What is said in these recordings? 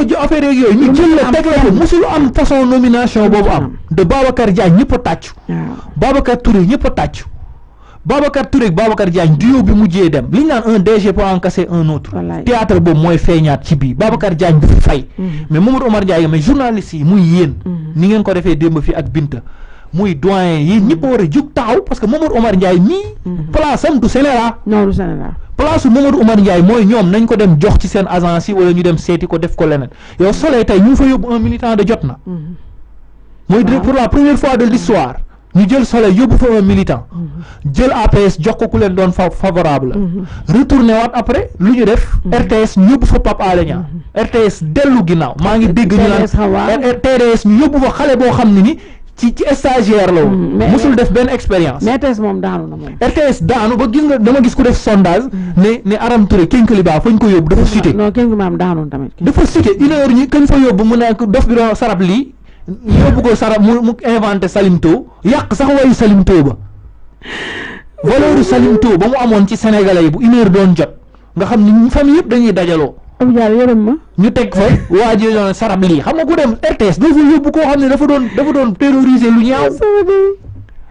ko ji affaire jël la teg la ko musul am façon nomination boobu am mm-hmm. de Babacar Diagne ñëpp a tàccu Babacar Touré ñëpp a tàccu Babacar Touré ak Babacar Diagne duo bi mujjee dem li ñu naan un DG pour encaisser un autre théâtre boobu mooy feeñaat ci bii Babacar Diagne du fi fay mm-hmm. mais Mamadou Omar Ndiaye mais journaliste yi muy yéen mm-hmm. ni ngeen ko defee démb fii ak Binta muy doyen yi ñëpp war a jug taxaw parce que Mamadou Omar Ndiaye mii place du Sénégal place Mamadou Oumar Ndiaye mooy ñoom nañ ko dem jox ci seen agence yi ñu dem seeti ko def ko leneen yow soleil tey ñu ngi fa yóbbu un militant de jot na mm-hmm. mooy ah. pour la première fois de l'histoire ñu jël soleil yóbbu fa un militant mm-hmm. jël APS jox ko ku leen doon fa favorable mm-hmm. retourné waat après lu ñu def RTS ñu yóbbu fa Pape Alé RTS dellu ginnaaw maa ngi dégg ñu naan TDS ñu yóbbu fa xale boo xam ne nii ci ci stagiaire la woon. Mm, musul def benn expérience. mais RTS moom daanu na moom. RTS daanu ba gis dama gis ku def sondage. Mm. ne ne Aram Touré Kénkeliba fañ ko yóbbu dafa cité. non Kénkeliba daanu tamit. dafa cité une heure ñi kañ fa yóbbu mu nekk dof bi doon sarab lii. yóbbu ko sarab mu mu inventé Salimto yàq sax wayu Salimto ba. valeur Salimto ba mu amoon ci sénégalais yi bu une heure doon jot nga xam ni famille yëpp dañuy dajaloo. Abdou Diallo yërëm ma. ñu teg fa waa ji doon sarab lii xam nga ku dem RTS doo fa yóbbu koo xam ne dafa doon dafa doon terroriser lu ñaaw.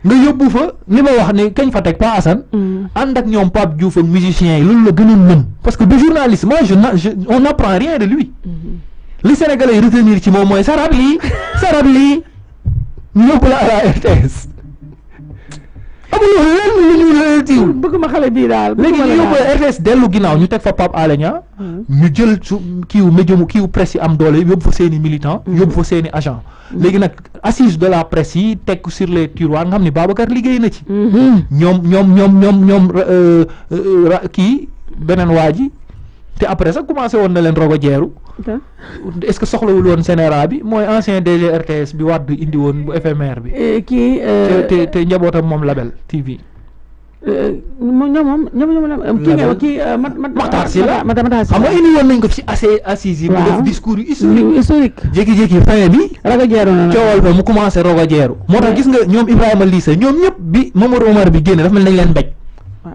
nga yóbbu fa li ma wax ne kañ fa teg Pa Assane. Mm. ànd ak ñoom Pape Diouf ak musiciens yi loolu la gënoon a mën. parce que du journaliste moi je on apprend rien de lui. Mm-hmm. li Sénégalais yi retenir ci moom mooy sarab lii sarab lii ñu yóbbu la à RTS. amuñu lenn lu ñu xale bii daal léegi ñu yóbbu RTS dellu ginnaaw ñu teg fa Pape Alé hmm. ñu jël su kiiw médium kiiw presse yi am doole yóbbu fa seeni i militant hmm. yóbbu fa seen i agent hmm. léegi nag assise de la presse yi teg sur les tiroirs nga xam ne Babacar liggéey na ci ñoom ñoom ñoom ñoom ñoom euh, euh, kii beneen waa ji te après sax commencé woon na leen rogo jeeru est-ce que soxlawul woon CNRA bi mooy ancien DG RTS bi Wade indi woon bu éphémère bi. Eh, kii eh, te te njabootam moom Label TV. Eh, moom ñoom ñoom ñoom kii kii Makhtar Sylla la Makhtar Sylla xam nga indi woon nañ ko ci assises yi. mu def discours jékki-jékki fin bi. rogo jeeru commencé rogo jeeru. moo tax gis nga ñoom Ibrahima Lissa ñoom ñëpp bi Mamadou Omar bi génne dafa mel nañ leen mbéj.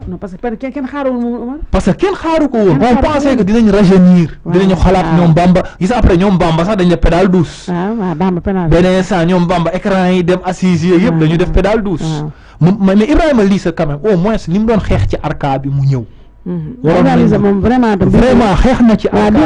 non parce que kenn xaaru moom parce que kenn xaaru ko woon on pensait que dinañ rajeunir dinañu xalaat ñoom bamba gis après ñoom bamba sax dañ def pédale douce beneen saa ñoom bamba écran yi dem assise yooyu yëpp dañu def pédale douce mais Ibrahima Lissa quand même au moins li mu doon xeex ci arca bi mu ñëw organiser moom vraiment de vraiment xeex na ci arca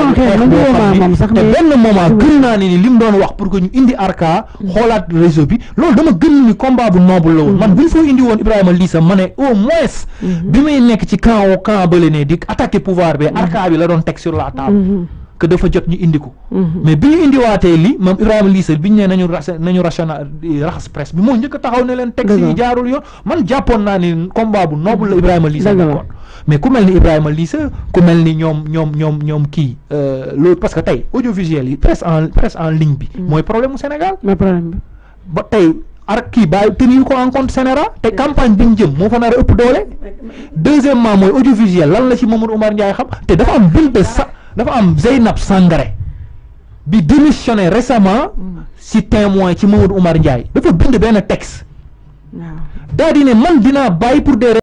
moom sax te benn moment gën naa ni ni li mu doon wax pour que ñu indi arca mm-hmm. xoolaat réseau bi loolu dama gën ni combat bu noble la woon mm-hmm. man buñ foo indi woon Ibrahima Lissa ma ne au moins mm-hmm. bi muy nekk ci camp camp bële ne di attaquer pouvoir bi arca bi la doon teg sur la table que dafa jot ñu indi ko. Mhm. mais bi ñu indiwaatee li moom Ibrahima Lissa bi ñu nee nañu rax nañu raxas presse bi moo njëkk a taxaw ne leen. texte yi jaarul yoon man jàppoon naa ni combat bu parce que tey audiovisuel yi presse en presse en ligne bi. Mhm. mooy problème Sénégal. mooy problème bi tey. ar kii bàyyi tenir ko en compte sénéra te campagne bi ñu jëm moo fa nar a ëpp doole deuxièmement mooy audiovisuel lan la ci Mamadou Oumar Ndiaye xam te dafa am bill dafa am Zeynab Sangaré bi démissionné récemment ci témoin ci Mamadou Oumar Ndiaye dafa bind benn texte daa di ne man dinaa bàyyi pour des